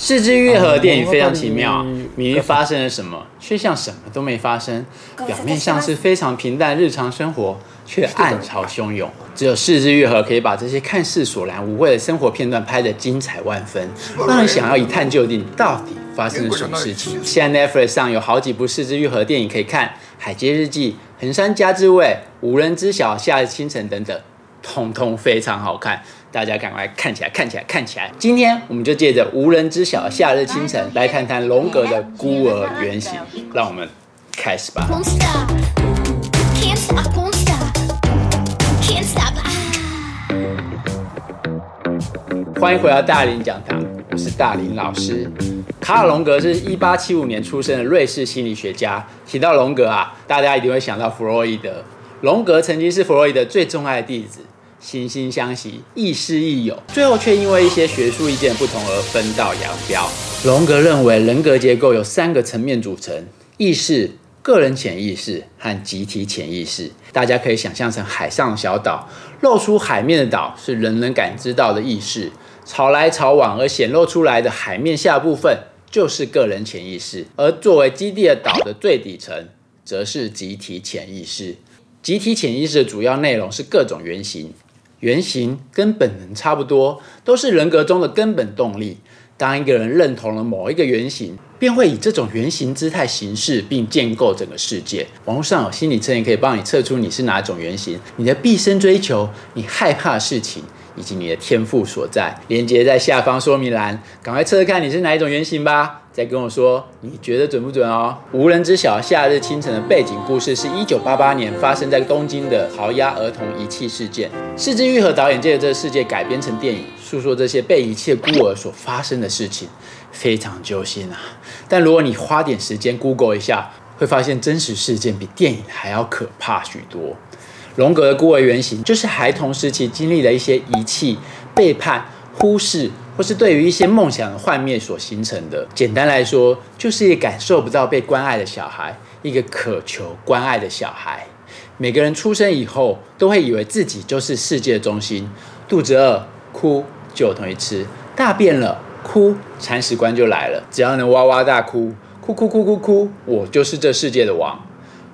是枝裕和的電影非常奇妙，明明、嗯、發生了什麼，什麼卻像什麼都沒發生。表面上是非常平淡日常生活，卻暗潮洶湧。的只有是枝裕和可以把這些看似索然無味的生活片段拍得精彩萬分，讓人想要一探究竟到底發生了什麼事情。現在 Netflix 上有好幾部是枝裕和電影可以看，《海街日記》《橫山家之味》《無人知曉》《夏日清晨》等等，通通非常好看。大家趕快看起來，看起來，看起來！今天我們就借着無人知曉的夏日清晨，來談談榮格的孤兒原型。讓我們開始吧。歡迎回到大林講堂，我是大林老師。卡爾·榮格是一八七五年出生的瑞士心理學家。提到榮格啊，大家一定會想到弗洛伊德。榮格曾經是弗洛伊德最鍾愛的弟子。惺惺相惜，亦師亦友，最後卻因為一些學術意見不同而分道揚鑣。榮格認為人格結構由三個層面組成：意識、個人潛意識和集體潛意識。大家可以想象成海上小島，露出海面的島是人能感知到的意識，潮來潮往而顯露出來的海面下部分就是個人潛意識，而作為基地的島的最底層則是集體潛意識。集體潛意識的主要內容是各種原型。原型跟本能差不多，都是人格中的根本動力。當一個人認同了某一個原型，便會以這種原型姿態行事，並建構整個世界。網絡上有心理測驗可以幫你測出你是哪種原型，你的畢生追求，你害怕的事情。以及你的天賦所在，連接在下方說明欄，趕快測測看你是哪一種原型吧！再跟我說，你覺得準不準哦？無人知曉，夏日清晨的背景故事是一九八八年發生在東京的巢鴨兒童遺棄事件。是枝裕和導演借着這個事件改編成電影，訴說這些被遺棄孤兒所發生的事情，非常揪心啊！但如果你花點時間 Google 一下，會發現真實事件比電影還要可怕許多。榮格的孤兒原型，就是孩童時期經歷了一些遺棄、背叛、忽視，或是對於一些夢想的幻滅所形成的。簡單來說，就是一個感受不到被關愛的小孩，一個渴求關愛的小孩。每個人出生以後，都會以為自己就是世界中心。肚子餓，哭就有東西吃；大便了，哭，鏟屎官就來了。只要能哇哇大哭，哭哭哭哭哭哭，我就是這世界的王。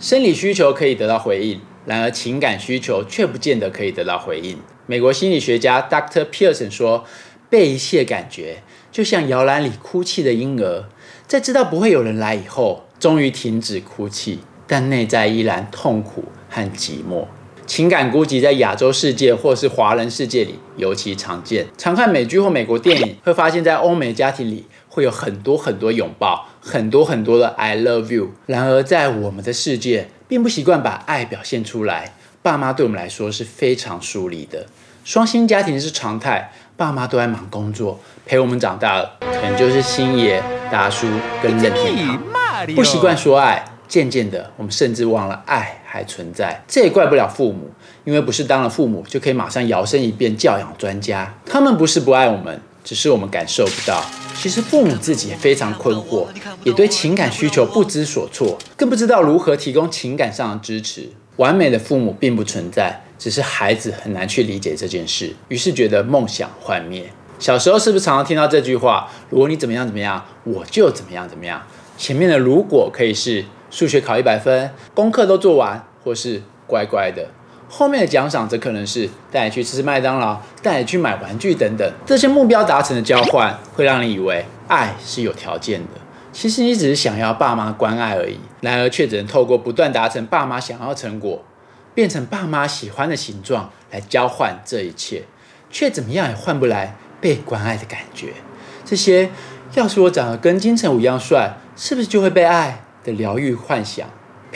生理需求可以得到回應。然而，情感需求卻不見得可以得到回應。美國心理學家 Dr. Pearson 說：“被棄的感覺就像搖籃裡哭泣的嬰兒，在知道不會有人來以後，終於停止哭泣，但內在依然痛苦和寂寞。情感孤寂在亞洲世界或是華人世界裡尤其常見。常看美劇或美國電影，會發現，在歐美家庭裡會有很多很多擁抱，很多很多的 I love you。然而，在我們的世界。”並不習慣把愛表現出來，爸媽對我們來說是非常疏離的。雙薪家庭是常態，爸媽都在忙工作，陪我們長大了，可能就是星爺、達叔跟任天堂。不習慣說愛，啊、漸漸的，我們甚至忘了愛還存在。這也怪不了父母，因為不是當了父母就可以馬上搖身一變教養專家。他們不是不愛我們。只是我們感受不到，其實父母自己也非常困惑，也對情感需求不知所措，更不知道如何提供情感上的支持。完美的父母並不存在，只是孩子很難去理解這件事，於是覺得夢想幻滅。小時候是不是常常聽到這句話？如果你怎麼樣怎麼樣，我就怎麼樣怎麼樣。前面的如果可以是數學考一百分，功課都做完，或是乖乖的。後面的獎賞則可能是帶你去吃麥當勞，帶你去買玩具等等。這些目標達成的交換，會讓你以為愛是有條件的。其實你只是想要爸媽關愛而已，然而卻只能透過不斷達成爸媽想要的成果，變成爸媽喜歡的形狀來交換這一切，卻怎麼樣也換不來被關愛的感覺。這些，要是我長得跟金城武一樣帥，是不是就會被愛的療癒幻想？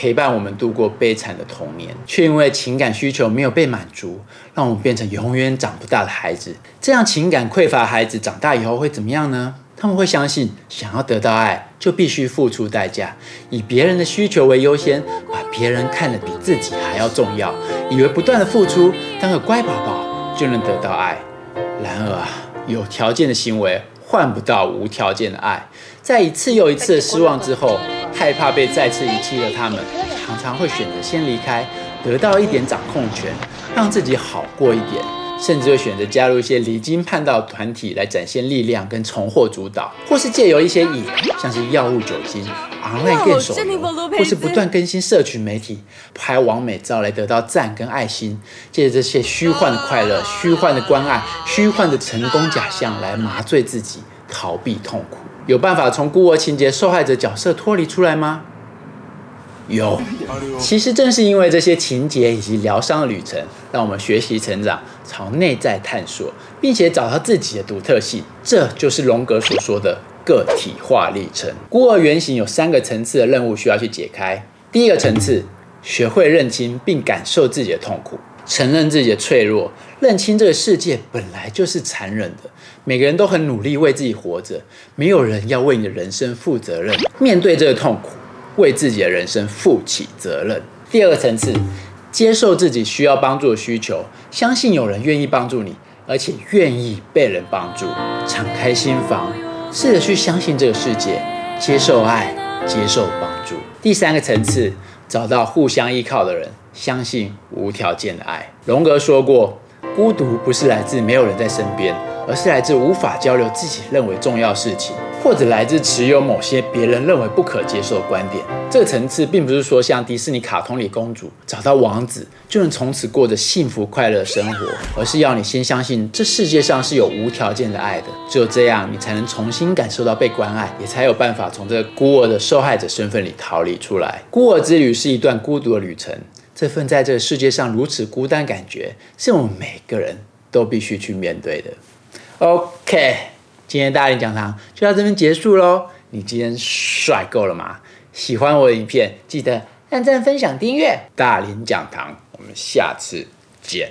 陪伴我們度過悲慘的童年，卻因為情感需求沒有被滿足，讓我們變成永遠長不大的孩子。這樣情感匱乏的孩子長大以後會怎麼樣呢？他們會相信，想要得到愛就必須付出代價，以別人的需求為優先，把別人看得比自己還要重要，以為不斷的付出，當個乖寶寶就能得到愛。然而，有條件的行為換不到無條件的愛，在一次又一次的失望之後。害怕被再次遺棄的他們，常常會選擇先離開，得到一點掌控權，讓自己好過一點，甚至會選擇加入一些離經叛道的團體來展現力量跟重獲主導，或是借由一些癮，像是藥物、酒精、熬夜、電動手遊，或是不斷更新社群媒體，拍網美照來得到讚跟愛心，借着這些虛幻的快樂、虛幻的關愛、虛幻的成功假象來麻醉自己，逃避痛苦。有辦法從孤兒情節受害者角色脫離出來嗎？有，其實正是因為這些情節以及療傷的旅程，讓我們學習成長，朝內在探索，並且找到自己的獨特性。這就是榮格所說的個體化歷程。孤兒原型有三個層次的任務需要去解開。第一個層次，學會認清並感受自己的痛苦。承認自己的脆弱，認清這個世界本來就是殘忍的，每個人都很努力為自己活着，沒有人要為你的人生負責任。面對這個痛苦，為自己的人生負起責任。第二個層次，接受自己需要幫助的需求，相信有人願意幫助你，而且願意被人幫助，敞開心房，試着去相信這個世界，接受愛，接受幫助。第三個層次，找到互相依靠的人，相信無條件的愛。榮格說過，孤獨不是來自沒有人在身邊，而是來自無法交流自己認為重要事情，或者來自持有某些別人認為不可接受的觀點，這個層次，並不是說像迪士尼卡通裡公主找到王子就能從此過着幸福快樂的生活，而是要你先相信這世界上是有無條件的愛的，只有這樣你才能重新感受到被關愛，也才有辦法從這個孤兒的受害者身份裡逃離出來。孤兒之旅是一段孤獨的旅程，這份在這個世界上如此孤單的感覺，是我們每個人都必須去面對的。OK。今天大林講堂就到這邊結束嘍。你今天帥夠了嗎？喜歡我的影片，記得按讚、分享、訂閱。大林講堂，我們下次見。